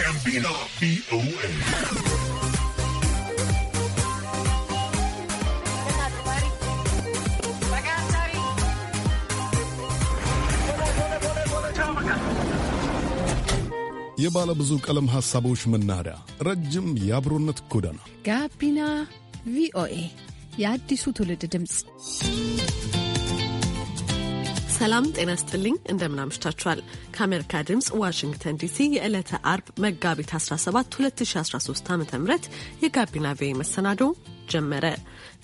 ቪኦኤ የባለ ብዙ ቀለም ሐሳቦች መናኸሪያ፣ ረጅም የአብሮነት ጎዳና ጋቢና ቪኦኤ የአዲሱ ትውልድ ድምፅ። ሰላም ጤና ስጥልኝ። እንደምናምሽታችኋል ከአሜሪካ ድምፅ ዋሽንግተን ዲሲ የዕለተ አርብ መጋቢት 17 2013 ዓ ም የጋቢና ቬ መሰናዶ ጀመረ።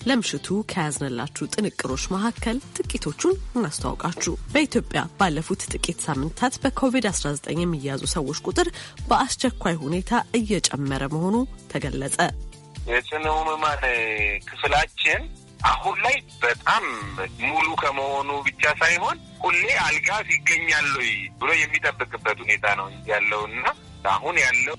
ለምሽቱ ከያዝነላችሁ ጥንቅሮች መካከል ጥቂቶቹን እናስተዋውቃችሁ። በኢትዮጵያ ባለፉት ጥቂት ሳምንታት በኮቪድ-19 የሚያዙ ሰዎች ቁጥር በአስቸኳይ ሁኔታ እየጨመረ መሆኑ ተገለጸ። የጽኑ ህሙማን ክፍላችን አሁን ላይ በጣም ሙሉ ከመሆኑ ብቻ ሳይሆን ሁሌ አልጋስ ይገኛል ብሎ የሚጠብቅበት ሁኔታ ነው ያለውና አሁን ያለው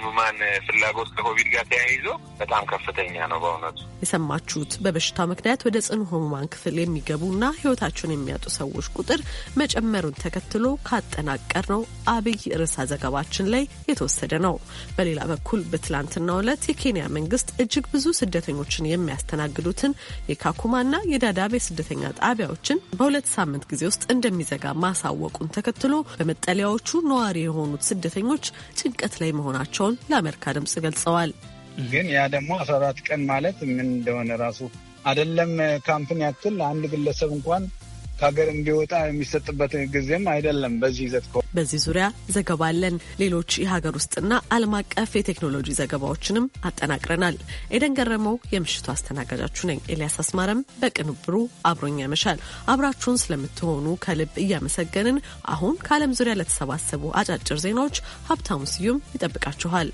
ህሙማን ፍላጎት ከኮቪድ ጋር ተያይዞ በጣም ከፍተኛ ነው። በእውነቱ የሰማችሁት በበሽታው ምክንያት ወደ ጽኑ ህሙማን ክፍል የሚገቡና ህይወታቸውን የሚያጡ ሰዎች ቁጥር መጨመሩን ተከትሎ ካጠናቀር ነው አብይ ርዕሰ ዘገባችን ላይ የተወሰደ ነው። በሌላ በኩል በትላንትናው ዕለት የኬንያ መንግስት እጅግ ብዙ ስደተኞችን የሚያስተናግዱትን የካኩማና የዳዳቤ ስደተኛ ጣቢያዎችን በሁለት ሳምንት ጊዜ ውስጥ እንደሚዘጋ ማሳወቁን ተከትሎ በመጠለያዎቹ ነዋሪ የሆኑት ስደተኞች ጭንቀት ላይ መሆናቸውን ለአሜሪካ ድምፅ ገልጸዋል። ግን ያ ደግሞ አስራ አራት ቀን ማለት ምን እንደሆነ ራሱ አይደለም ካምፕን ያክል አንድ ግለሰብ እንኳን ከሀገር እንዲወጣ የሚሰጥበት ጊዜም አይደለም። በዚህ ይዘት በዚህ ዙሪያ ዘገባ አለን። ሌሎች የሀገር ውስጥና ዓለም አቀፍ የቴክኖሎጂ ዘገባዎችንም አጠናቅረናል። ኤደን ገረመው የምሽቱ አስተናጋጃችሁ ነኝ። ኤልያስ አስማረም በቅንብሩ አብሮኝ ያመሻል። አብራችሁን ስለምትሆኑ ከልብ እያመሰገንን አሁን ከዓለም ዙሪያ ለተሰባሰቡ አጫጭር ዜናዎች ሀብታሙ ስዩም ይጠብቃችኋል።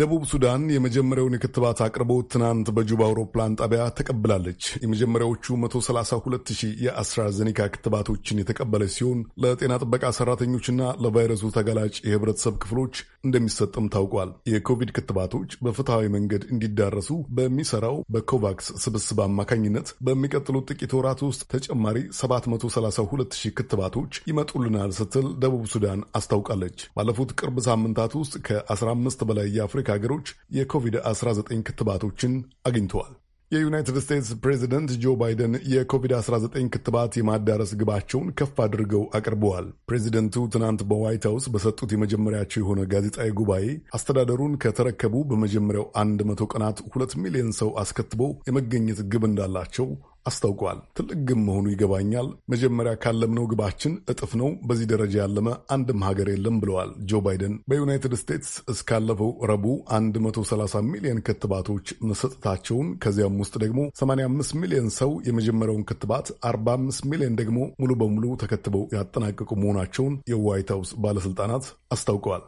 ደቡብ ሱዳን የመጀመሪያውን የክትባት አቅርቦት ትናንት በጁባ አውሮፕላን ጣቢያ ተቀብላለች። የመጀመሪያዎቹ 132 ሺህ የአስትራዘኒካ ክትባቶችን የተቀበለች ሲሆን ለጤና ጥበቃ ሰራተኞችና ለቫይረሱ ተጋላጭ የህብረተሰብ ክፍሎች እንደሚሰጥም ታውቋል። የኮቪድ ክትባቶች በፍትሐዊ መንገድ እንዲዳረሱ በሚሰራው በኮቫክስ ስብስብ አማካኝነት በሚቀጥሉት ጥቂት ወራት ውስጥ ተጨማሪ 732 ሺህ ክትባቶች ይመጡልናል ስትል ደቡብ ሱዳን አስታውቃለች። ባለፉት ቅርብ ሳምንታት ውስጥ ከ15 በላይ የአፍሪ የአፍሪካ ሀገሮች የኮቪድ-19 ክትባቶችን አግኝተዋል። የዩናይትድ ስቴትስ ፕሬዚደንት ጆ ባይደን የኮቪድ-19 ክትባት የማዳረስ ግባቸውን ከፍ አድርገው አቅርበዋል። ፕሬዚደንቱ ትናንት በዋይት ሀውስ በሰጡት የመጀመሪያቸው የሆነ ጋዜጣዊ ጉባኤ አስተዳደሩን ከተረከቡ በመጀመሪያው አንድ መቶ ቀናት ሁለት ሚሊዮን ሰው አስከትበው የመገኘት ግብ እንዳላቸው አስታውቋል። ትልቅ ግብ መሆኑ ይገባኛል። መጀመሪያ ካለምነው ግባችን እጥፍ ነው። በዚህ ደረጃ ያለመ አንድም ሀገር የለም ብለዋል ጆ ባይደን። በዩናይትድ ስቴትስ እስካለፈው ረቡዕ 130 ሚሊዮን ክትባቶች መሰጠታቸውን ከዚያም ውስጥ ደግሞ 85 ሚሊዮን ሰው የመጀመሪያውን ክትባት፣ 45 ሚሊዮን ደግሞ ሙሉ በሙሉ ተከትበው ያጠናቀቁ መሆናቸውን የዋይት ሀውስ ባለስልጣናት አስታውቀዋል።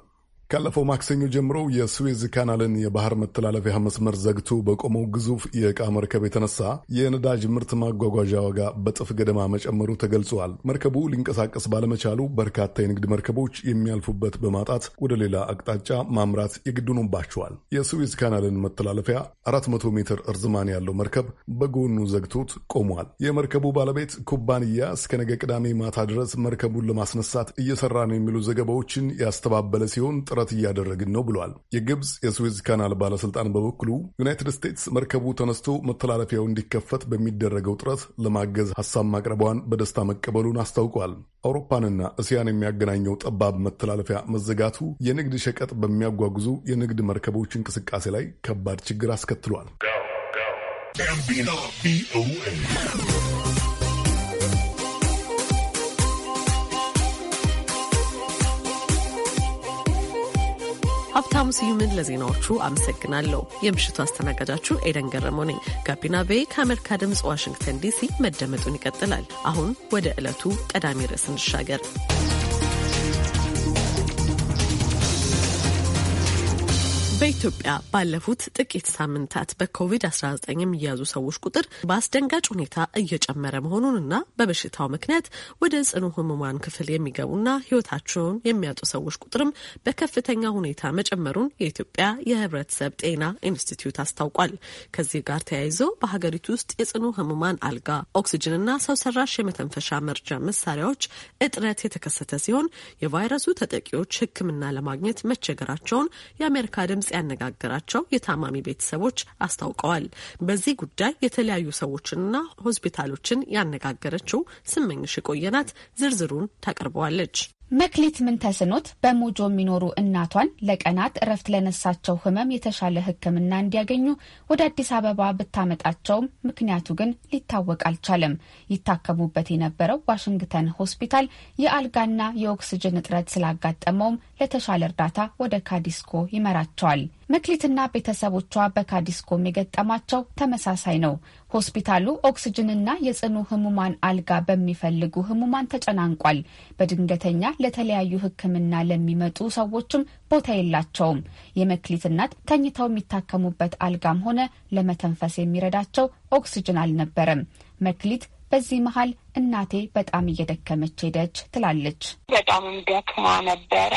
ካለፈው ማክሰኞ ጀምሮ የስዌዝ ካናልን የባህር መተላለፊያ መስመር ዘግቶ በቆመው ግዙፍ የእቃ መርከብ የተነሳ የነዳጅ ምርት ማጓጓዣ ዋጋ በጥፍ ገደማ መጨመሩ ተገልጿል። መርከቡ ሊንቀሳቀስ ባለመቻሉ በርካታ የንግድ መርከቦች የሚያልፉበት በማጣት ወደ ሌላ አቅጣጫ ማምራት የግድኑባቸዋል። የስዌዝ ካናልን መተላለፊያ 400 ሜትር እርዝማን ያለው መርከብ በጎኑ ዘግቶት ቆሟል። የመርከቡ ባለቤት ኩባንያ እስከ ነገ ቅዳሜ ማታ ድረስ መርከቡን ለማስነሳት እየሰራ ነው የሚሉ ዘገባዎችን ያስተባበለ ሲሆን ጥረት እያደረግን ነው ብሏል። የግብፅ የስዊዝ ካናል ባለስልጣን በበኩሉ ዩናይትድ ስቴትስ መርከቡ ተነስቶ መተላለፊያው እንዲከፈት በሚደረገው ጥረት ለማገዝ ሀሳብ ማቅረቧን በደስታ መቀበሉን አስታውቋል። አውሮፓንና እስያን የሚያገናኘው ጠባብ መተላለፊያ መዘጋቱ የንግድ ሸቀጥ በሚያጓጉዙ የንግድ መርከቦች እንቅስቃሴ ላይ ከባድ ችግር አስከትሏል። ሀብታሙ ስዩምን ለዜናዎቹ አመሰግናለሁ። የምሽቱ አስተናጋጃችሁ ኤደን ገረመው ነኝ። ጋቢና ቤ ከአሜሪካ ድምፅ ዋሽንግተን ዲሲ መደመጡን ይቀጥላል። አሁን ወደ ዕለቱ ቀዳሚ ርዕስ እንሻገር። በኢትዮጵያ ባለፉት ጥቂት ሳምንታት በኮቪድ-19 የሚያዙ ሰዎች ቁጥር በአስደንጋጭ ሁኔታ እየጨመረ መሆኑንና በበሽታው ምክንያት ወደ ጽኑ ህሙማን ክፍል የሚገቡና ህይወታቸውን የሚያጡ ሰዎች ቁጥርም በከፍተኛ ሁኔታ መጨመሩን የኢትዮጵያ የህብረተሰብ ጤና ኢንስቲትዩት አስታውቋል። ከዚህ ጋር ተያይዞ በሀገሪቱ ውስጥ የጽኑ ህሙማን አልጋ፣ ኦክስጅንና ሰው ሰራሽ የመተንፈሻ መርጃ መሳሪያዎች እጥረት የተከሰተ ሲሆን የቫይረሱ ተጠቂዎች ህክምና ለማግኘት መቸገራቸውን የአሜሪካ ድምጽ ድምፅ ያነጋገራቸው የታማሚ ቤተሰቦች አስታውቀዋል። በዚህ ጉዳይ የተለያዩ ሰዎችንና ሆስፒታሎችን ያነጋገረችው ስመኝሽ የቆየናት ዝርዝሩን ታቀርበዋለች። መክሊት ምን ተስኖት በሞጆ የሚኖሩ እናቷን ለቀናት እረፍት ለነሳቸው ህመም የተሻለ ሕክምና እንዲያገኙ ወደ አዲስ አበባ ብታመጣቸውም ምክንያቱ ግን ሊታወቅ አልቻለም። ይታከሙበት የነበረው ዋሽንግተን ሆስፒታል የአልጋና የኦክስጅን እጥረት ስላጋጠመውም ለተሻለ እርዳታ ወደ ካዲስኮ ይመራቸዋል። መክሊትና ቤተሰቦቿ በካዲስኮ የገጠማቸው ተመሳሳይ ነው። ሆስፒታሉ ኦክስጅንና የጽኑ ህሙማን አልጋ በሚፈልጉ ህሙማን ተጨናንቋል። በድንገተኛ ለተለያዩ ሕክምና ለሚመጡ ሰዎችም ቦታ የላቸውም። የመክሊት እናት ተኝተው የሚታከሙበት አልጋም ሆነ ለመተንፈስ የሚረዳቸው ኦክስጅን አልነበረም። መክሊት በዚህ መሀል እናቴ በጣም እየደከመች ሄደች ትላለች። በጣም ደክማ ነበረ።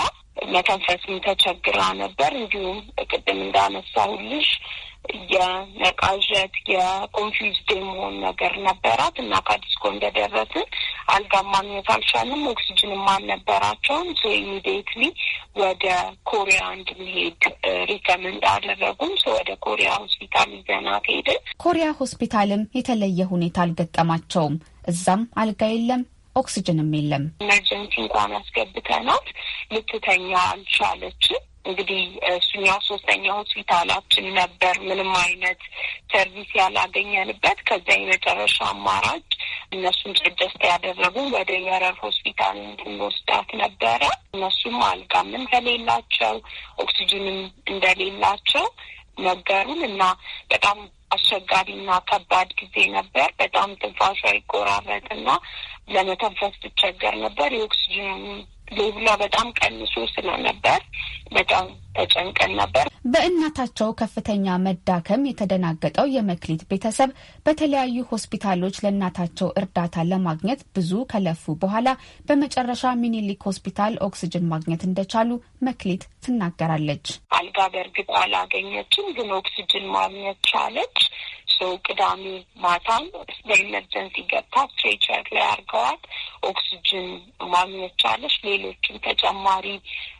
መተንፈስም ተቸግራ ነበር። እንዲሁም ቅድም እንዳነሳሁልሽ የመቃዠት የኮንፊውዝድ የመሆን ነገር ነበራት እና ኮ እንደደረስን አልጋ ማግኘት አልቻልንም። ኦክሲጅንም አልነበራቸውም። ሶ ኢሚዲየትሊ ወደ ኮሪያ እንድንሄድ ሪከመንድ አደረጉም። ሶ ወደ ኮሪያ ሆስፒታል ይዘናት ሄድን። ኮሪያ ሆስፒታልም የተለየ ሁኔታ አልገጠማቸውም። እዛም አልጋ የለም ኦክሲጅንም የለም። ኢመርጀንሲ እንኳን አስገብተናት ልትተኛ አልቻለችም። እንግዲህ እሱኛው ሶስተኛ ሆስፒታላችን ነበር። ምንም አይነት ሰርቪስ ያላገኘንበት። ከዛ የመጨረሻ አማራጭ እነሱም ጭደስተ ያደረጉ ወደ የረር ሆስፒታል እንድንወስዳት ነበረ። እነሱም አልጋም እንደሌላቸው ኦክሲጅንም እንደሌላቸው ነገሩን እና በጣም አስቸጋሪና ከባድ ጊዜ ነበር። በጣም ትንፋሿ ይቆራረጥና ለመተንፈስ ትቸገር ነበር። የኦክሲጅን ሌላ በጣም ቀንሶ ስለነበር በጣም ተጨንቀን ነበር። በእናታቸው ከፍተኛ መዳከም የተደናገጠው የመክሊት ቤተሰብ በተለያዩ ሆስፒታሎች ለእናታቸው እርዳታ ለማግኘት ብዙ ከለፉ በኋላ በመጨረሻ ሚኒሊክ ሆስፒታል ኦክስጅን ማግኘት እንደቻሉ መክሊት ትናገራለች። አልጋ በእርግጥ አላገኘችም፣ ግን ኦክስጅን ማግኘት ቻለች። ሰው ቅዳሜ ማታም በኢመርጀንሲ ገብታ ስትሬቸር ላይ አድርገዋት ኦክሲጅን ማግኘት ቻለች። ሌሎችም ተጨማሪ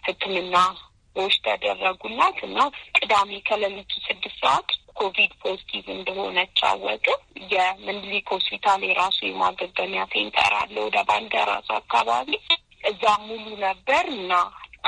ሕክምናዎች ተደረጉላት እና ቅዳሜ ከሌሊቱ ስድስት ሰዓት ኮቪድ ፖዚቲቭ እንደሆነች አወቅን። የምኒልክ ሆስፒታል የራሱ የማገገሚያ ሴንተር አለ ወደ ባልደራስ አካባቢ። እዛ ሙሉ ነበር እና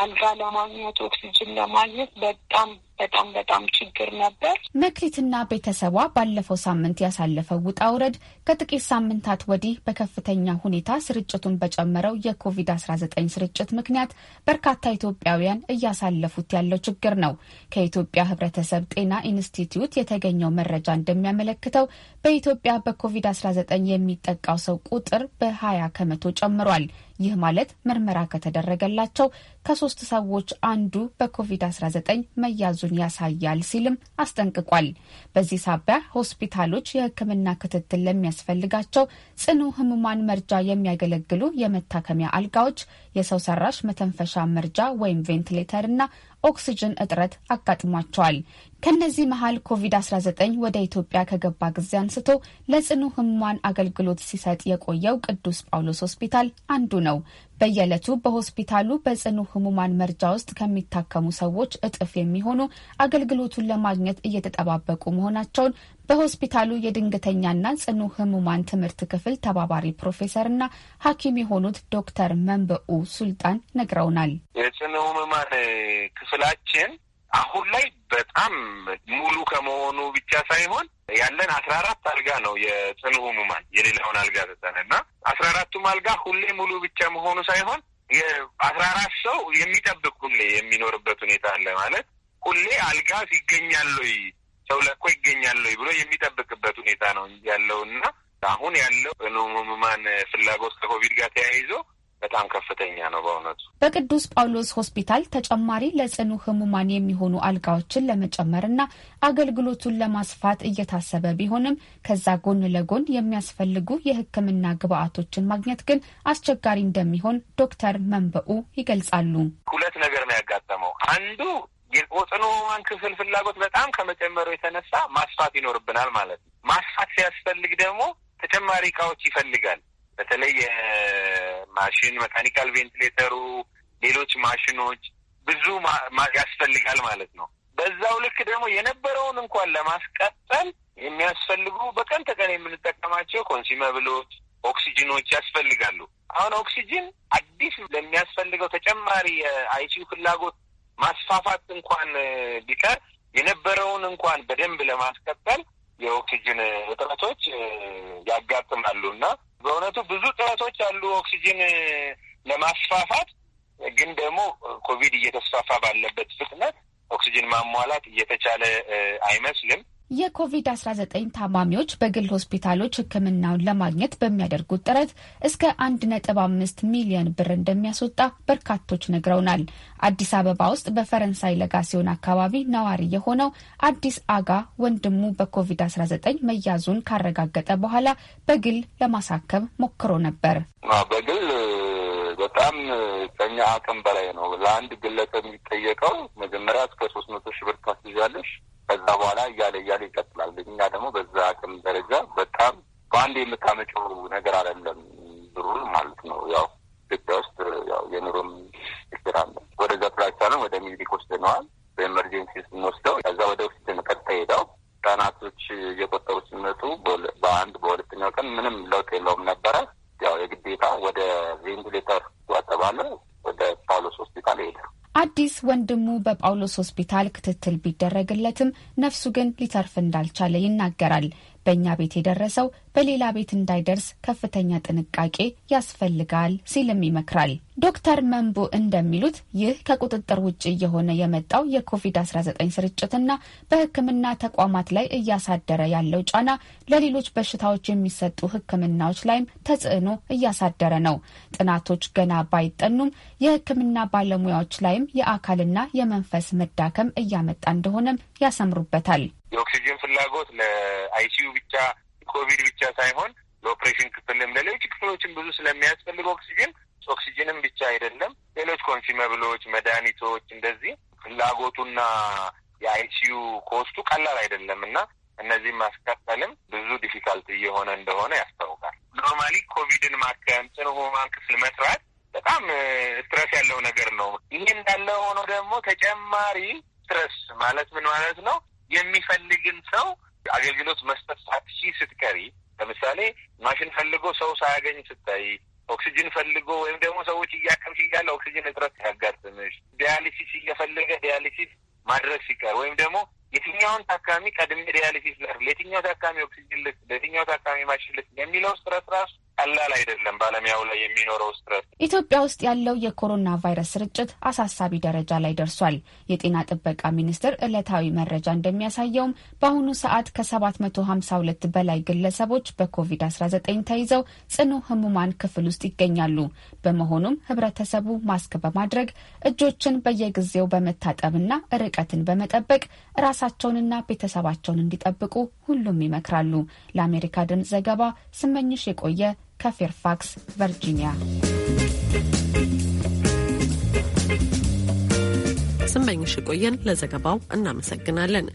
አልጋ ለማግኘት ኦክሲጅን ለማግኘት በጣም በጣም በጣም ችግር ነበር። መክሊትና ቤተሰቧ ባለፈው ሳምንት ያሳለፈው ውጣ ውረድ ከጥቂት ሳምንታት ወዲህ በከፍተኛ ሁኔታ ስርጭቱን በጨመረው የኮቪድ-19 ስርጭት ምክንያት በርካታ ኢትዮጵያውያን እያሳለፉት ያለው ችግር ነው። ከኢትዮጵያ ሕብረተሰብ ጤና ኢንስቲትዩት የተገኘው መረጃ እንደሚያመለክተው በኢትዮጵያ በኮቪድ-19 የሚጠቃው ሰው ቁጥር በ20 ከመቶ ጨምሯል። ይህ ማለት ምርመራ ከተደረገላቸው ከሶስት ሰዎች አንዱ በኮቪድ-19 መያዙ መሆኑን ያሳያል ሲልም አስጠንቅቋል። በዚህ ሳቢያ ሆስፒታሎች የሕክምና ክትትል ለሚያስፈልጋቸው ጽኑ ህሙማን መርጃ የሚያገለግሉ የመታከሚያ አልጋዎች፣ የሰው ሰራሽ መተንፈሻ መርጃ ወይም ቬንትሌተርና ኦክሲጅን እጥረት አጋጥሟቸዋል። ከነዚህ መሀል ኮቪድ-19 ወደ ኢትዮጵያ ከገባ ጊዜ አንስቶ ለጽኑ ህሙማን አገልግሎት ሲሰጥ የቆየው ቅዱስ ጳውሎስ ሆስፒታል አንዱ ነው። በየዕለቱ በሆስፒታሉ በጽኑ ህሙማን መርጃ ውስጥ ከሚታከሙ ሰዎች እጥፍ የሚሆኑ አገልግሎቱን ለማግኘት እየተጠባበቁ መሆናቸውን በሆስፒታሉ የድንገተኛና ጽኑ ህሙማን ትምህርት ክፍል ተባባሪ ፕሮፌሰርና ሐኪም የሆኑት ዶክተር መንበኡ ሱልጣን ነግረውናል። የጽኑ ህሙማን ክፍላችን አሁን ላይ በጣም ሙሉ ከመሆኑ ብቻ ሳይሆን ያለን አስራ አራት አልጋ ነው የጽኑ ህሙማን የሌላውን አልጋ ዘጠነ እና አስራ አራቱም አልጋ ሁሌ ሙሉ ብቻ መሆኑ ሳይሆን የአስራ አራት ሰው የሚጠብቅ ሁሌ የሚኖርበት ሁኔታ አለ ማለት ሁሌ አልጋ ይገኛል ወይ ሰው ለቆ ይገኛል ብሎ የሚጠብቅበት ሁኔታ ነው ያለው እና አሁን ያለው ህሙማን ፍላጎት ከኮቪድ ጋር ተያይዞ በጣም ከፍተኛ ነው በእውነቱ። በቅዱስ ጳውሎስ ሆስፒታል ተጨማሪ ለጽኑ ህሙማን የሚሆኑ አልጋዎችን ና አገልግሎቱን ለማስፋት እየታሰበ ቢሆንም ከዛ ጎን ለጎን የሚያስፈልጉ የህክምና ግብአቶችን ማግኘት ግን አስቸጋሪ እንደሚሆን ዶክተር መንበኡ ይገልጻሉ። ሁለት ነገር ነው ያጋጠመው። አንዱ ግን ክፍል ፍላጎት በጣም ከመጨመሩ የተነሳ ማስፋት ይኖርብናል ማለት ነው። ማስፋት ሲያስፈልግ ደግሞ ተጨማሪ እቃዎች ይፈልጋል። በተለይ የማሽን መካኒካል ቬንቲሌተሩ፣ ሌሎች ማሽኖች ብዙ ያስፈልጋል ማለት ነው። በዛው ልክ ደግሞ የነበረውን እንኳን ለማስቀጠል የሚያስፈልጉ በቀን ተቀን የምንጠቀማቸው ኮንሲመብሎች፣ ኦክሲጅኖች ያስፈልጋሉ። አሁን ኦክሲጅን አዲስ ለሚያስፈልገው ተጨማሪ የአይሲዩ ፍላጎት ማስፋፋት እንኳን ቢቀር የነበረውን እንኳን በደንብ ለማስቀጠል የኦክሲጅን እጥረቶች ያጋጥማሉ እና በእውነቱ ብዙ ጥረቶች አሉ ኦክሲጅን ለማስፋፋት ግን ደግሞ ኮቪድ እየተስፋፋ ባለበት ፍጥነት ኦክሲጅን ማሟላት እየተቻለ አይመስልም። የኮቪድ-19 ታማሚዎች በግል ሆስፒታሎች ሕክምናውን ለማግኘት በሚያደርጉት ጥረት እስከ 1.5 ሚሊዮን ብር እንደሚያስወጣ በርካቶች ነግረውናል። አዲስ አበባ ውስጥ በፈረንሳይ ለጋሲዮን አካባቢ ነዋሪ የሆነው አዲስ አጋ ወንድሙ በኮቪድ-19 መያዙን ካረጋገጠ በኋላ በግል ለማሳከም ሞክሮ ነበር። በግል በጣም ከኛ አቅም በላይ ነው። ለአንድ ግለሰብ የሚጠየቀው መጀመሪያ እስከ ሶስት መቶ ሺህ ብር ታስይዛለሽ ከዛ በኋላ እያለ እያለ ይቀጥላል። እኛ ደግሞ በዛ አቅም ደረጃ በጣም በአንድ የምታመጪው ነገር አይደለም ጳውሎስ ሆስፒታል ክትትል ቢደረግለትም ነፍሱ ግን ሊተርፍ እንዳልቻለ ይናገራል። በእኛ ቤት የደረሰው በሌላ ቤት እንዳይደርስ ከፍተኛ ጥንቃቄ ያስፈልጋል ሲልም ይመክራል። ዶክተር መንቡ እንደሚሉት ይህ ከቁጥጥር ውጭ እየሆነ የመጣው የኮቪድ-19 ስርጭትና በሕክምና ተቋማት ላይ እያሳደረ ያለው ጫና ለሌሎች በሽታዎች የሚሰጡ ሕክምናዎች ላይም ተጽዕኖ እያሳደረ ነው። ጥናቶች ገና ባይጠኑም የሕክምና ባለሙያዎች ላይም የአካልና የመንፈስ መዳከም እያመጣ እንደሆነም ያሰምሩበታል። የኦክሲጅን ፍላጎት ለአይሲዩ ብቻ ኮቪድ ብቻ ሳይሆን ለኦፕሬሽን ክፍልም ለሌሎች ክፍሎችም ብዙ ስለሚያስፈልግ ኦክሲጅን ኦክሲጅንም ብቻ አይደለም ሌሎች ኮንሲመብሎች፣ መድኃኒቶች እንደዚህ ፍላጎቱና የአይሲዩ ኮስቱ ቀላል አይደለም እና እነዚህም ማስቀጠልም ብዙ ዲፊካልት እየሆነ እንደሆነ ያስታውቃል። ኖርማሊ ኮቪድን ማከም ጽኑ ህሙማን ክፍል መስራት በጣም ስትረስ ያለው ነገር ነው። ይህ እንዳለ ሆኖ ደግሞ ተጨማሪ ስትረስ ማለት ምን ማለት ነው? የሚፈልግን ሰው አገልግሎት መስጠት ሳትሺ ስትቀሪ፣ ለምሳሌ ማሽን ፈልጎ ሰው ሳያገኝ ስታይ፣ ኦክሲጅን ፈልጎ ወይም ደግሞ ሰዎች እያከምሽ እያለ ኦክሲጅን እጥረት ያጋጥምሽ፣ ዲያሊሲስ እየፈለገ ዲያሊሲስ ማድረግ ሲቀር ወይም ደግሞ የትኛውን ታካሚ ቀድሜ ዲያሊሲስ ላድርግ፣ ለየትኛው ታካሚ ኦክሲጅን ልስ ለየትኛው ታካሚ ማሽን ልስ የሚለው ጥረት ራሱ ቀላል አይደለም። ባለሙያው ላይ የሚኖረው ስትረስ። ኢትዮጵያ ውስጥ ያለው የኮሮና ቫይረስ ስርጭት አሳሳቢ ደረጃ ላይ ደርሷል። የጤና ጥበቃ ሚኒስቴር ዕለታዊ መረጃ እንደሚያሳየውም በአሁኑ ሰዓት ከ752 በላይ ግለሰቦች በኮቪድ-19 ተይዘው ጽኑ ህሙማን ክፍል ውስጥ ይገኛሉ። በመሆኑም ህብረተሰቡ ማስክ በማድረግ እጆችን በየጊዜው በመታጠብና ርቀትን በመጠበቅ ራሳቸውንና ቤተሰባቸውን እንዲጠብቁ ሁሉም ይመክራሉ። ለአሜሪካ ድምፅ ዘገባ ስመኝሽ የቆየ ከፌርፋክስ ቨርጂኒያ። ስመኝሽ ቆየን ለዘገባው እናመሰግናለን።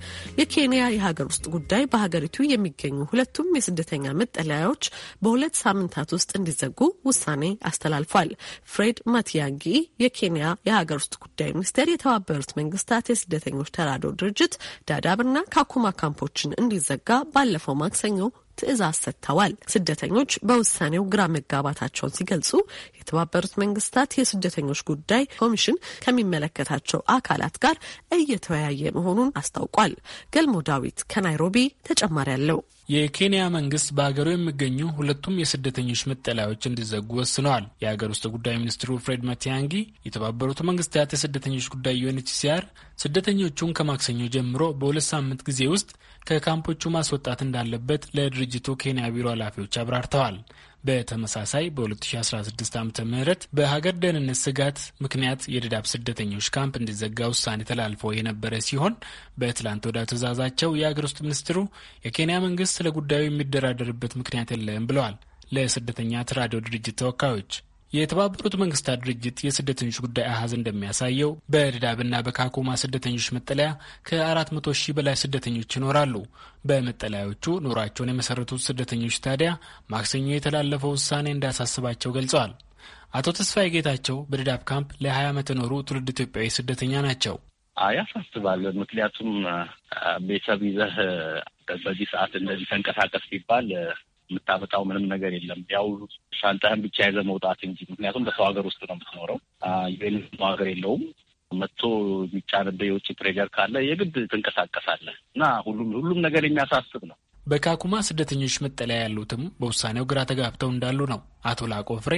የኬንያ የሀገር ውስጥ ጉዳይ በሀገሪቱ የሚገኙ ሁለቱም የስደተኛ መጠለያዎች በሁለት ሳምንታት ውስጥ እንዲዘጉ ውሳኔ አስተላልፏል። ፍሬድ ማቲያንጊ የኬንያ የሀገር ውስጥ ጉዳይ ሚኒስቴር የተባበሩት መንግስታት የስደተኞች ተራድኦ ድርጅት ዳዳብና ካኩማ ካምፖችን እንዲዘጋ ባለፈው ማክሰኞ ትዕዛዝ ሰጥተዋል። ስደተኞች በውሳኔው ግራ መጋባታቸውን ሲገልጹ የተባበሩት መንግስታት የስደተኞች ጉዳይ ኮሚሽን ከሚመለከታቸው አካላት ጋር እየተወያየ መሆኑን አስታውቋል። ገልሞ ዳዊት ከናይሮቢ ተጨማሪ አለው። የኬንያ መንግስት በሀገሩ የሚገኙ ሁለቱም የስደተኞች መጠለያዎች እንዲዘጉ ወስነዋል። የሀገር ውስጥ ጉዳይ ሚኒስትሩ ፍሬድ መቲያንጊ የተባበሩት መንግስታት የስደተኞች ጉዳይ ዩኤንኤችሲአር ስደተኞቹን ከማክሰኞ ጀምሮ በሁለት ሳምንት ጊዜ ውስጥ ከካምፖቹ ማስወጣት እንዳለበት ለድርጅቱ ኬንያ ቢሮ ኃላፊዎች አብራርተዋል። በተመሳሳይ በ2016 ዓ ም በሀገር ደህንነት ስጋት ምክንያት የድዳብ ስደተኞች ካምፕ እንዲዘጋ ውሳኔ ተላልፎ የነበረ ሲሆን በትላንት ወዳ ትእዛዛቸው የአገር ውስጥ ሚኒስትሩ የኬንያ መንግስት ለጉዳዩ የሚደራደርበት ምክንያት የለም ብለዋል። ለስደተኛ ተራድኦ ድርጅት ተወካዮች የተባበሩት መንግስታት ድርጅት የስደተኞች ጉዳይ አሃዝ እንደሚያሳየው በድዳብና በካኮማ ስደተኞች መጠለያ ከ400 ሺህ በላይ ስደተኞች ይኖራሉ። በመጠለያዎቹ ኑሯቸውን የመሰረቱት ስደተኞች ታዲያ ማክሰኞ የተላለፈው ውሳኔ እንዳሳስባቸው ገልጸዋል። አቶ ተስፋዬ ጌታቸው በድዳብ ካምፕ ለ20 ዓመት የኖሩ ትውልድ ኢትዮጵያዊ ስደተኛ ናቸው። ያሳስባል። ምክንያቱም ቤተሰብ ይዘህ በዚህ ሰዓት እንደዚህ ተንቀሳቀስ ሲባል የምታመጣው ምንም ነገር የለም። ያው ሻንጣህን ብቻ ይዘህ መውጣት እንጂ ምክንያቱም በሰው ሀገር ውስጥ ነው የምትኖረው። ዩኤን ሀገር የለውም መጥቶ የሚጫንብህ የውጭ ፕሬዠር ካለ የግድ ትንቀሳቀሳለህ እና ሁሉም ሁሉም ነገር የሚያሳስብ ነው። በካኩማ ስደተኞች መጠለያ ያሉትም በውሳኔው ግራ ተጋብተው እንዳሉ ነው አቶ ላቆ ፍሬ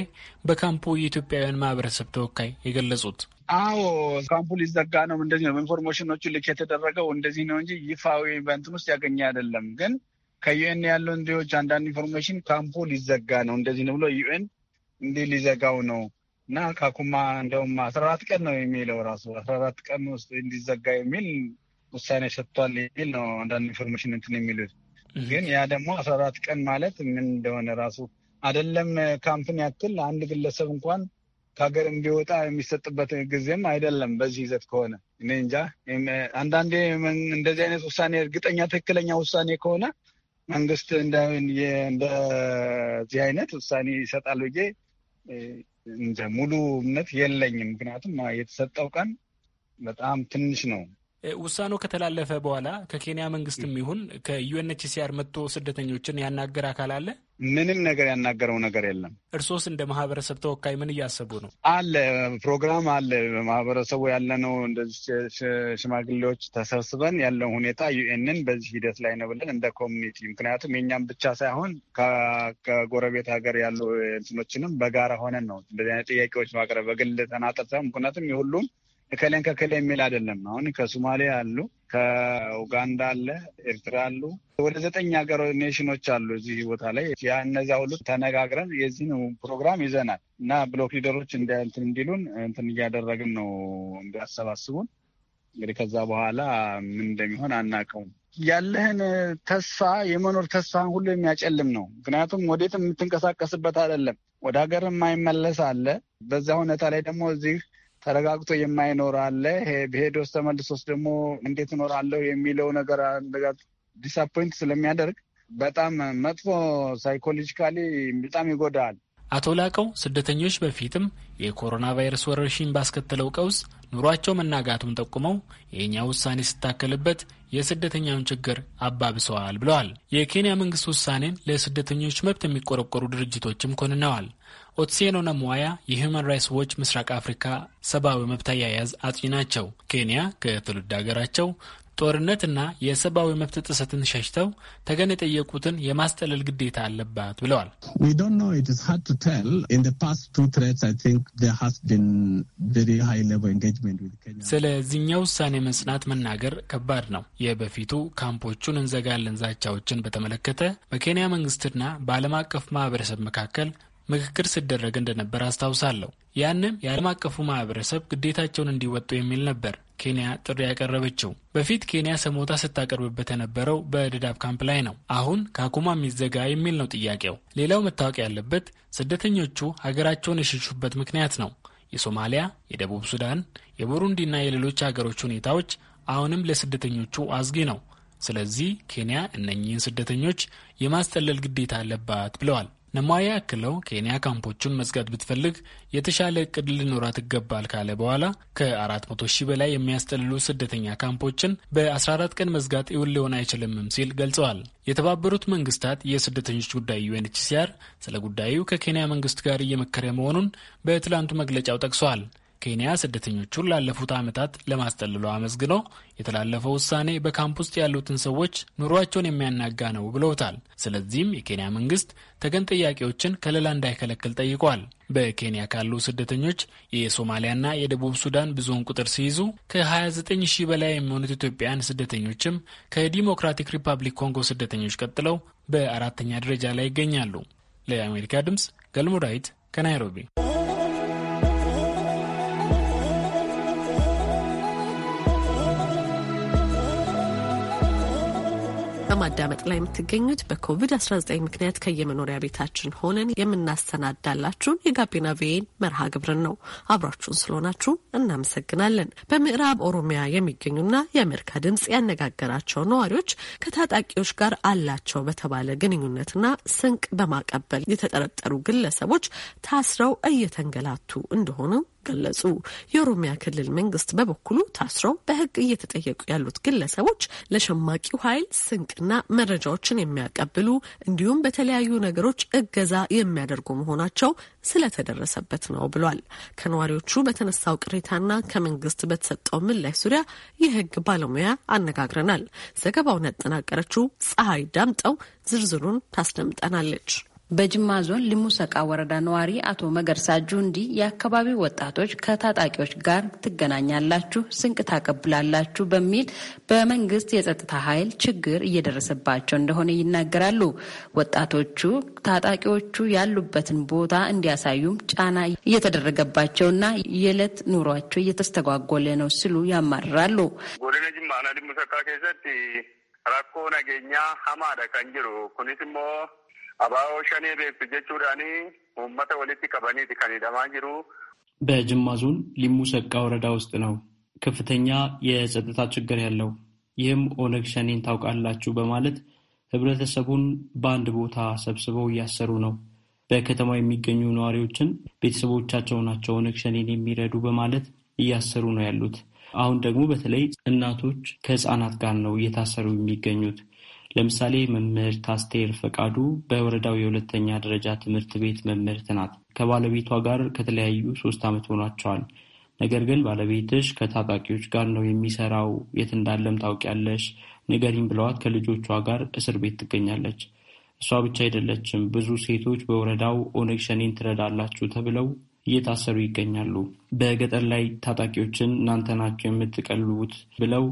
በካምፑ የኢትዮጵያውያን ማህበረሰብ ተወካይ የገለጹት። አዎ ካምፑ ሊዘጋ ነው እንደዚህ ነው። ኢንፎርሜሽኖቹ ልክ የተደረገው እንደዚህ ነው እንጂ ይፋዊ በንትን ውስጥ ያገኘ አይደለም ግን ከዩኤን ያለው እንዲዎች አንዳንድ ኢንፎርሜሽን ካምፑ ሊዘጋ ነው እንደዚህ ነው ብሎ ዩኤን እንዲህ ሊዘጋው ነው እና ካኩማ እንደውም አስራ አራት ቀን ነው የሚለው ራሱ አስራ አራት ቀን ውስጥ እንዲዘጋ የሚል ውሳኔ ሰጥቷል የሚል ነው አንዳንድ ኢንፎርሜሽን እንትን የሚሉት ግን ያ ደግሞ አስራ አራት ቀን ማለት ምን እንደሆነ ራሱ አይደለም ካምፕን ያክል አንድ ግለሰብ እንኳን ከሀገር እንዲወጣ የሚሰጥበት ጊዜም አይደለም። በዚህ ይዘት ከሆነ እኔ እንጃ። አንዳንዴ እንደዚህ አይነት ውሳኔ እርግጠኛ ትክክለኛ ውሳኔ ከሆነ መንግስት እንደዚህ አይነት ውሳኔ ይሰጣል ብዬ ሙሉ እምነት የለኝም። ምክንያቱም የተሰጠው ቀን በጣም ትንሽ ነው። ውሳኔው ከተላለፈ በኋላ ከኬንያ መንግስትም ይሁን ከዩኤንኤችሲአር መጥቶ ስደተኞችን ያናገር አካል አለ? ምንም ነገር ያናገረው ነገር የለም። እርሶስ እንደ ማህበረሰብ ተወካይ ምን እያሰቡ ነው? አለ ፕሮግራም አለ። ማህበረሰቡ ያለነው እንደዚህ ሽማግሌዎች ተሰብስበን ያለው ሁኔታ ዩኤንን በዚህ ሂደት ላይ ነው ብለን እንደ ኮሚኒቲ፣ ምክንያቱም የእኛም ብቻ ሳይሆን ከጎረቤት ሀገር ያሉ እንትኖችንም በጋራ ሆነን ነው እንደዚህ አይነት ጥያቄዎች ማቅረብ በግል ተናጠር ሳይሆን ምክንያቱም የሁሉም እከሌን ከከሌ የሚል አይደለም። አሁን ከሶማሌ አሉ፣ ከኡጋንዳ አለ፣ ኤርትራ አሉ፣ ወደ ዘጠኝ ሀገር ኔሽኖች አሉ እዚህ ቦታ ላይ ያ እነዚያ ሁሉ ተነጋግረን የዚህን ፕሮግራም ይዘናል እና ብሎክ ሊደሮች እንትን እንዲሉን እንትን እያደረግን ነው እንዲያሰባስቡን። እንግዲህ ከዛ በኋላ ምን እንደሚሆን አናውቀውም። ያለህን ተስፋ የመኖር ተስፋን ሁሉ የሚያጨልም ነው። ምክንያቱም ወዴት የምትንቀሳቀስበት አይደለም። ወደ ሀገር የማይመለስ አለ። በዛ ሁኔታ ላይ ደግሞ እዚህ ተረጋግቶ የማይኖር አለ። ብሄዶስ ተመልሶስ ደግሞ እንዴት እኖራለሁ የሚለው ነገር ዲስአፖይንት ስለሚያደርግ በጣም መጥፎ ሳይኮሎጂካሊ በጣም ይጎዳል። አቶ ላቀው ስደተኞች በፊትም የኮሮና ቫይረስ ወረርሽኝ ባስከተለው ቀውስ ኑሯቸው መናጋቱን ጠቁመው የእኛ ውሳኔ ስታከልበት የስደተኛውን ችግር አባብሰዋል ብለዋል። የኬንያ መንግስት ውሳኔን ለስደተኞች መብት የሚቆረቆሩ ድርጅቶችም ኮንነዋል። ኦትሴኖ ነሙዋያ የሂውማን ራይትስ ዎች ምስራቅ አፍሪካ ሰብአዊ መብት አያያዝ አጥኚ ናቸው። ኬንያ ከትውልድ ሀገራቸው ጦርነትና የሰብአዊ መብት ጥሰትን ሸሽተው ተገን የጠየቁትን የማስጠለል ግዴታ አለባት ብለዋል። ስለዚህኛው ውሳኔ መጽናት መናገር ከባድ ነው። የበፊቱ ካምፖቹን እንዘጋለን ዛቻዎችን በተመለከተ በኬንያ መንግስትና በዓለም አቀፍ ማህበረሰብ መካከል ምክክር ሲደረግ እንደነበር አስታውሳለሁ። ያንም የዓለም አቀፉ ማህበረሰብ ግዴታቸውን እንዲወጡ የሚል ነበር። ኬንያ ጥሪ ያቀረበችው። በፊት ኬንያ ሰሞታ ስታቀርብበት የነበረው በደዳብ ካምፕ ላይ ነው። አሁን ካኩማ የሚዘጋ የሚል ነው ጥያቄው። ሌላው መታወቅ ያለበት ስደተኞቹ ሀገራቸውን የሸሹበት ምክንያት ነው። የሶማሊያ፣ የደቡብ ሱዳን፣ የቡሩንዲና የሌሎች ሀገሮች ሁኔታዎች አሁንም ለስደተኞቹ አዝጊ ነው። ስለዚህ ኬንያ እነኚህን ስደተኞች የማስጠለል ግዴታ አለባት ብለዋል ነሟያ ያክለው ኬንያ ካምፖቹን መዝጋት ብትፈልግ የተሻለ እቅድ ሊኖራት ይገባል ካለ በኋላ ከ400 ሺህ በላይ የሚያስጠልሉ ስደተኛ ካምፖችን በ14 ቀን መዝጋት ይውል ሊሆን አይችልምም ሲል ገልጸዋል። የተባበሩት መንግስታት የስደተኞች ጉዳይ ዩኤንኤችሲአር ስለ ጉዳዩ ከኬንያ መንግስት ጋር እየመከረ መሆኑን በትላንቱ መግለጫው ጠቅሷል። ኬንያ ስደተኞቹን ላለፉት ዓመታት ለማስጠልሎ አመስግኖ የተላለፈው ውሳኔ በካምፕ ውስጥ ያሉትን ሰዎች ኑሯቸውን የሚያናጋ ነው ብለውታል። ስለዚህም የኬንያ መንግስት ተገን ጥያቄዎችን ከለላ እንዳይከለክል ጠይቋል። በኬንያ ካሉ ስደተኞች የሶማሊያና የደቡብ ሱዳን ብዙውን ቁጥር ሲይዙ ከ29 ሺህ በላይ የሚሆኑት ኢትዮጵያውያን ስደተኞችም ከዲሞክራቲክ ሪፐብሊክ ኮንጎ ስደተኞች ቀጥለው በአራተኛ ደረጃ ላይ ይገኛሉ። ለአሜሪካ ድምፅ ገልሞ ከናይሮቢ በማዳመጥ ላይ የምትገኙት በኮቪድ-19 ምክንያት ከየመኖሪያ ቤታችን ሆነን የምናሰናዳላችሁን የጋቢና ቬን መርሃ ግብርን ነው። አብራችሁን ስለሆናችሁ እናመሰግናለን። በምዕራብ ኦሮሚያ የሚገኙና የአሜሪካ ድምጽ ያነጋገራቸው ነዋሪዎች ከታጣቂዎች ጋር አላቸው በተባለ ግንኙነትና ስንቅ በማቀበል የተጠረጠሩ ግለሰቦች ታስረው እየተንገላቱ እንደሆኑ ገለጹ። የኦሮሚያ ክልል መንግስት በበኩሉ ታስረው በህግ እየተጠየቁ ያሉት ግለሰቦች ለሸማቂው ኃይል ስንቅና መረጃዎችን የሚያቀብሉ እንዲሁም በተለያዩ ነገሮች እገዛ የሚያደርጉ መሆናቸው ስለተደረሰበት ነው ብሏል። ከነዋሪዎቹ በተነሳው ቅሬታና ከመንግስት በተሰጠው ምላሽ ዙሪያ የህግ ባለሙያ አነጋግረናል። ዘገባውን ያጠናቀረችው ፀሐይ ዳምጠው ዝርዝሩን ታስደምጠናለች። በጅማ ዞን ልሙሰቃ ወረዳ ነዋሪ አቶ መገርሳ ጁንዲ የአካባቢው ወጣቶች ከታጣቂዎች ጋር ትገናኛላችሁ፣ ስንቅ ታቀብላላችሁ በሚል በመንግስት የጸጥታ ኃይል ችግር እየደረሰባቸው እንደሆነ ይናገራሉ። ወጣቶቹ ታጣቂዎቹ ያሉበትን ቦታ እንዲያሳዩም ጫና እየተደረገባቸውና የዕለት ኑሯቸው እየተስተጓጎለ ነው ሲሉ ያማርራሉ። ጎደነ አባዎ ሸኔ ቤት ጀቹዳኒ ውመተ ወሊት ቀበኒት ከኒደማ ጅሩ በጅማ ዞን ሊሙ ሰቃ ወረዳ ውስጥ ነው ከፍተኛ የጸጥታ ችግር ያለው። ይህም ኦነግ ሸኔን ታውቃላችሁ በማለት ህብረተሰቡን በአንድ ቦታ ሰብስበው እያሰሩ ነው። በከተማ የሚገኙ ነዋሪዎችን ቤተሰቦቻቸው ናቸው ኦነግ ሸኔን የሚረዱ በማለት እያሰሩ ነው ያሉት። አሁን ደግሞ በተለይ እናቶች ከህፃናት ጋር ነው እየታሰሩ የሚገኙት። ለምሳሌ መምህርት አስቴር ፈቃዱ በወረዳው የሁለተኛ ደረጃ ትምህርት ቤት መምህርት ናት። ከባለቤቷ ጋር ከተለያዩ ሶስት ዓመት ሆኗቸዋል። ነገር ግን ባለቤትሽ ከታጣቂዎች ጋር ነው የሚሰራው፣ የት እንዳለም ታውቂያለሽ፣ ንገሪኝ ብለዋት ከልጆቿ ጋር እስር ቤት ትገኛለች። እሷ ብቻ አይደለችም። ብዙ ሴቶች በወረዳው ኦነግ ሸኔን ትረዳላችሁ ተብለው እየታሰሩ ይገኛሉ። በገጠር ላይ ታጣቂዎችን እናንተ ናቸው የምትቀልቡት ብለው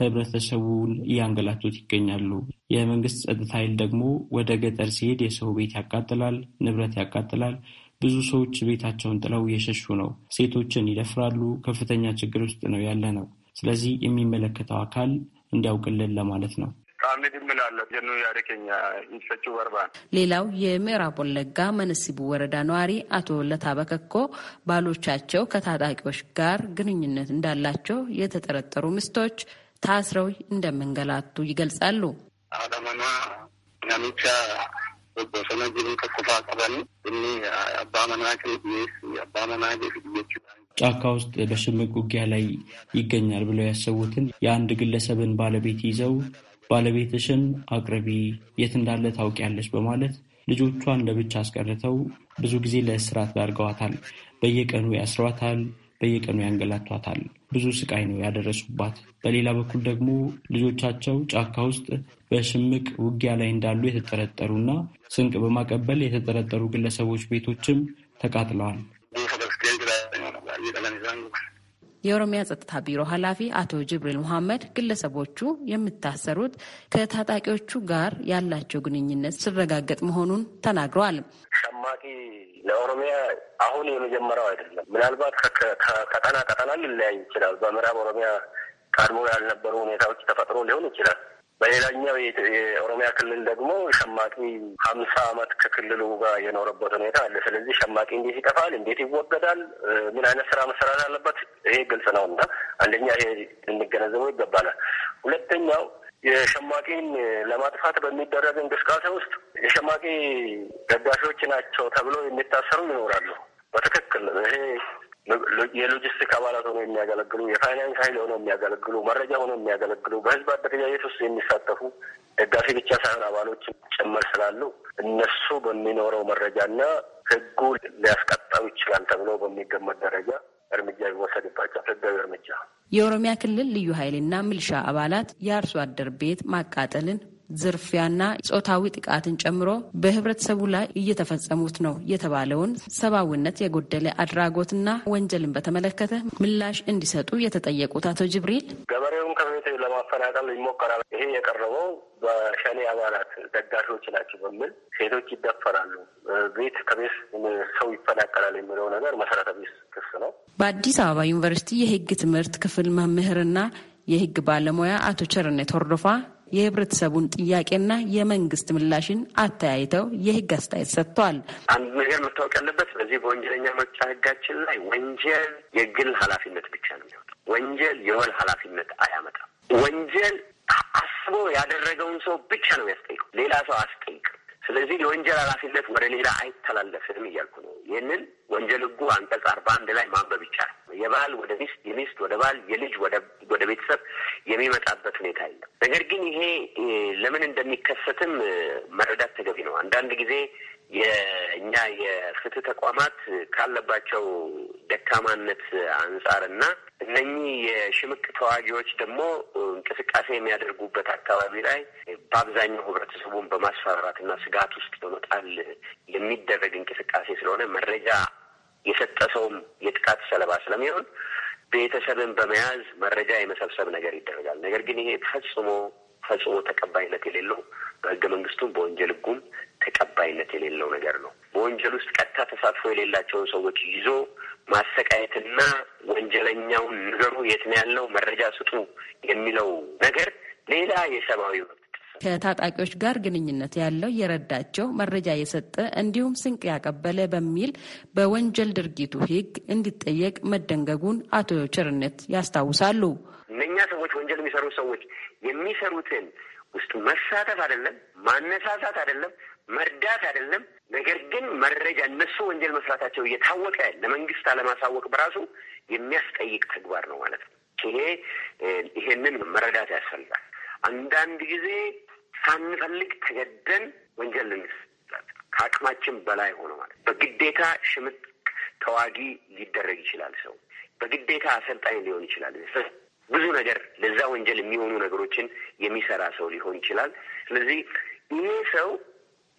ህብረተሰቡን እያንገላቱት ይገኛሉ። የመንግስት ጸጥታ ኃይል ደግሞ ወደ ገጠር ሲሄድ የሰው ቤት ያቃጥላል፣ ንብረት ያቃጥላል። ብዙ ሰዎች ቤታቸውን ጥለው እየሸሹ ነው። ሴቶችን ይደፍራሉ። ከፍተኛ ችግር ውስጥ ነው ያለ ነው። ስለዚህ የሚመለከተው አካል እንዲያውቅልን ለማለት ነው። ሌላው የምዕራብ ወለጋ መነሲቡ ወረዳ ነዋሪ አቶ ለታ በከኮ ባሎቻቸው ከታጣቂዎች ጋር ግንኙነት እንዳላቸው የተጠረጠሩ ሚስቶች ታስረው እንደምንገላቱ ይገልጻሉ። ጫካ ውስጥ በሽምቅ ውጊያ ላይ ይገኛል ብለው ያሰቡትን የአንድ ግለሰብን ባለቤት ይዘው ባለቤትሽን አቅርቢ፣ የት እንዳለ ታውቂያለች በማለት ልጆቿን ለብቻ አስቀርተው ብዙ ጊዜ ለእስራት ዳርገዋታል። በየቀኑ ያስሯታል፣ በየቀኑ ያንገላቷታል። ብዙ ስቃይ ነው ያደረሱባት። በሌላ በኩል ደግሞ ልጆቻቸው ጫካ ውስጥ በሽምቅ ውጊያ ላይ እንዳሉ የተጠረጠሩና ስንቅ በማቀበል የተጠረጠሩ ግለሰቦች ቤቶችም ተቃጥለዋል። የኦሮሚያ ጸጥታ ቢሮ ኃላፊ አቶ ጅብሪል መሐመድ ግለሰቦቹ የምታሰሩት ከታጣቂዎቹ ጋር ያላቸው ግንኙነት ሲረጋገጥ መሆኑን ተናግረዋል። ለኦሮሚያ አሁን የመጀመሪያው አይደለም። ምናልባት ከቀጠና ቀጠና ሊለያይ ይችላል። በምዕራብ ኦሮሚያ ቀድሞ ያልነበሩ ሁኔታዎች ተፈጥሮ ሊሆን ይችላል። በሌላኛው የኦሮሚያ ክልል ደግሞ ሸማቂ ሀምሳ አመት ከክልሉ ጋር የኖረበት ሁኔታ አለ። ስለዚህ ሸማቂ እንዴት ይጠፋል? እንዴት ይወገዳል? ምን አይነት ስራ መሰራት አለበት? ይሄ ግልጽ ነው እና አንደኛ ይሄ ልንገነዘበው ይገባናል። ሁለተኛው የሸማቂን ለማጥፋት በሚደረግ እንቅስቃሴ ውስጥ የሸማቂ ደጋፊዎች ናቸው ተብሎ የሚታሰሩ ይኖራሉ። በትክክል ይሄ የሎጂስቲክ አባላት ሆነው የሚያገለግሉ፣ የፋይናንስ ኃይል ሆነ የሚያገለግሉ፣ መረጃ ሆኖ የሚያገለግሉ፣ በህዝብ አደረጃጀት ውስጥ የሚሳተፉ ደጋፊ ብቻ ሳይሆን አባሎች ጭምር ስላሉ እነሱ በሚኖረው መረጃና ህጉ ሊያስቀጣው ይችላል ተብሎ በሚገመት ደረጃ እርምጃ ይወሰድባቸዋል፣ ህጋዊ እርምጃ። የኦሮሚያ ክልል ልዩ ኃይልና ምልሻ አባላት የአርሶ አደር ቤት ማቃጠልን ዝርፊያና ጾታዊ ጥቃትን ጨምሮ በህብረተሰቡ ላይ እየተፈጸሙት ነው የተባለውን ሰብአዊነት የጎደለ አድራጎትና ወንጀልን በተመለከተ ምላሽ እንዲሰጡ የተጠየቁት አቶ ጅብሪል ገበሬውን ከቤት ለማፈናቀል ይሞከራል። ይሄ የቀረበው በሸኔ አባላት ደጋፊዎች ናቸው በሚል ሴቶች ይደፈራሉ፣ ቤት ከቤት ሰው ይፈናቀላል የሚለው ነገር መሰረተ ቢስ ክስ ነው። በአዲስ አበባ ዩኒቨርሲቲ የህግ ትምህርት ክፍል መምህርና የህግ ባለሙያ አቶ ቸርነት ሆርዶፋ የህብረተሰቡን ጥያቄና የመንግስት ምላሽን አተያይተው የህግ አስተያየት ሰጥቷል። አንድ ነገር መታወቅ ያለበት በዚህ በወንጀለኛ መቅጫ ህጋችን ላይ ወንጀል የግል ኃላፊነት ብቻ ነው የሚሆነው። ወንጀል የወል ኃላፊነት አያመጣም። ወንጀል አስቦ ያደረገውን ሰው ብቻ ነው የሚያስጠይቀው። ሌላ ሰው አስጠይቅም። ስለዚህ የወንጀል ኃላፊነት ወደ ሌላ አይተላለፍም እያልኩ ነው። ይህንን ወንጀል ህጉ አንቀጽ አርባ አንድ ላይ ማንበብ ይቻላል። የባል ወደ ሚስት፣ የሚስት ወደ ባል፣ የልጅ ወደ ቤተሰብ የሚመጣበት ሁኔታ የለም። ነገር ግን ይሄ ለምን እንደሚከሰትም መረዳት ተገቢ ነው። አንዳንድ ጊዜ የእኛ የፍትህ ተቋማት ካለባቸው ደካማነት አንጻር እና እነኚህ የሽምቅ ተዋጊዎች ደግሞ እንቅስቃሴ የሚያደርጉበት አካባቢ ላይ በአብዛኛው ህብረተሰቡን በማስፈራራትና ስጋት ውስጥ በመጣል የሚደረግ እንቅስቃሴ ስለሆነ መረጃ የሰጠ ሰውም የጥቃት ሰለባ ስለሚሆን ቤተሰብን በመያዝ መረጃ የመሰብሰብ ነገር ይደረጋል። ነገር ግን ይሄ ፈጽሞ ፈጽሞ ተቀባይነት የሌለው በህገ መንግስቱም በወንጀል ህጉም ተቀባይነት የሌለው ነገር ነው። በወንጀል ውስጥ ቀጥታ ተሳትፎ የሌላቸውን ሰዎች ይዞ ማሰቃየትና ወንጀለኛውን ንገሩ፣ የት ነው ያለው፣ መረጃ ስጡ የሚለው ነገር ሌላ የሰብአዊ ከታጣቂዎች ጋር ግንኙነት ያለው የረዳቸው መረጃ የሰጠ እንዲሁም ስንቅ ያቀበለ በሚል በወንጀል ድርጊቱ ህግ እንዲጠየቅ መደንገጉን አቶ ቸርነት ያስታውሳሉ። እነኛ ሰዎች ወንጀል የሚሰሩ ሰዎች የሚሰሩትን ውስጡ መሳተፍ አይደለም፣ ማነሳሳት አይደለም፣ መርዳት አይደለም። ነገር ግን መረጃ እነሱ ወንጀል መስራታቸው እየታወቀ ለመንግስት አለማሳወቅ በራሱ የሚያስጠይቅ ተግባር ነው ማለት ነው። ይሄ ይሄንን መረዳት ያስፈልጋል። አንዳንድ ጊዜ ሳንፈልግ ተገደን ወንጀል ልንስላት ከአቅማችን በላይ ሆኖ ማለት በግዴታ ሽምጥ ተዋጊ ሊደረግ ይችላል። ሰው በግዴታ አሰልጣኝ ሊሆን ይችላል። ብዙ ነገር ለዛ ወንጀል የሚሆኑ ነገሮችን የሚሰራ ሰው ሊሆን ይችላል። ስለዚህ ይህ ሰው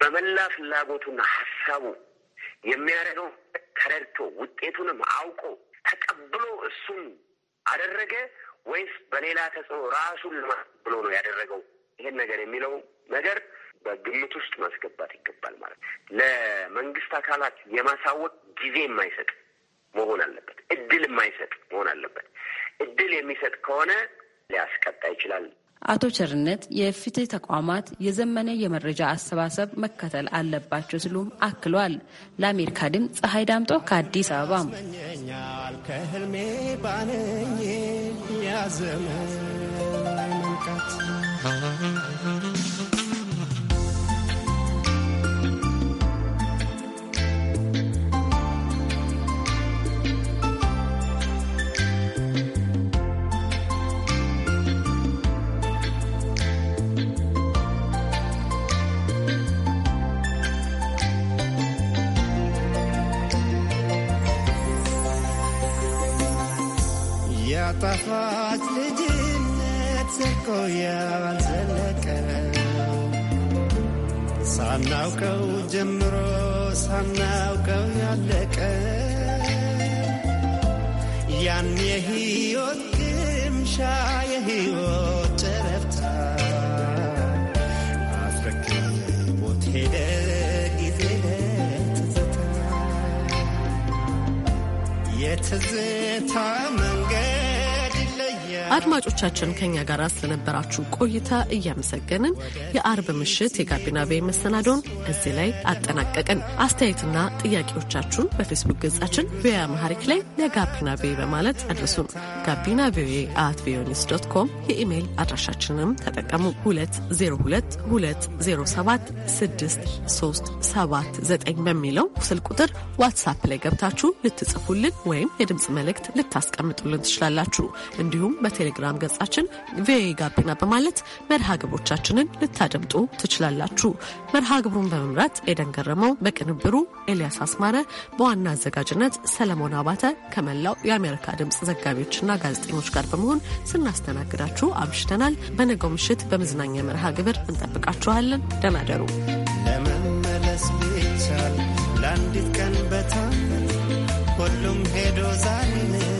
በመላ ፍላጎቱና ሀሳቡ የሚያደርገው ተረድቶ ውጤቱንም አውቆ ተቀብሎ እሱን አደረገ ወይስ በሌላ ተጽዕኖ ራሱን ልማ ብሎ ነው ያደረገው ይሄን ነገር የሚለው ነገር በግምት ውስጥ ማስገባት ይገባል። ማለት ለመንግስት አካላት የማሳወቅ ጊዜ የማይሰጥ መሆን አለበት። እድል የማይሰጥ መሆን አለበት። እድል የሚሰጥ ከሆነ ሊያስቀጣ ይችላል። አቶ ቸርነት የፍትህ ተቋማት የዘመነ የመረጃ አሰባሰብ መከተል አለባቸው ሲሉም አክሏል። ለአሜሪካ ድምፅ ፀሐይ ዳምጦ ከአዲስ አበባ ከጣፋጭ ልጅነት ስቆ ያልዘለቀ ሳናውቀው ጀምሮ ሳናውቀው ያለቀ ያን የህይወት ግምሻ የህይወት ጨረፍታ አፍረክቦት ሄደ ጊዜ ትዝታ የትዝታ አድማጮቻችን ከኛ ጋር ስለነበራችሁ ቆይታ እያመሰገንን የአርብ ምሽት የጋቢና ቤ መሰናዶን እዚህ ላይ አጠናቀቅን። አስተያየትና ጥያቄዎቻችሁን በፌስቡክ ገጻችን ቪኦኤ አማሃሪክ ላይ ለጋቢና ቤ በማለት አድርሱን። ጋቢና ቪኦኤ አት ቪኦኤ ኒውስ ዶት ኮም የኢሜይል አድራሻችንም ተጠቀሙ። 2022076379 በሚለው ስልክ ቁጥር ዋትሳፕ ላይ ገብታችሁ ልትጽፉልን ወይም የድምፅ መልእክት ልታስቀምጡልን ትችላላችሁ። እንዲሁም በቴ የቴሌግራም ገጻችን ቪኦኤ ጋቢና በማለት መርሃ ግብሮቻችንን ልታደምጡ ትችላላችሁ። መርሃ ግብሩን በመምራት ኤደን ገረመው፣ በቅንብሩ ኤልያስ አስማረ፣ በዋና አዘጋጅነት ሰለሞን አባተ ከመላው የአሜሪካ ድምፅ ዘጋቢዎችና ጋዜጠኞች ጋር በመሆን ስናስተናግዳችሁ አምሽተናል። በነገው ምሽት በመዝናኛ መርሃ ግብር እንጠብቃችኋለን። ደህና ደሩ። ለመመለስ ብቻል ለአንዲት ቀን በታመት ሁሉም ሄዶ ዛሬ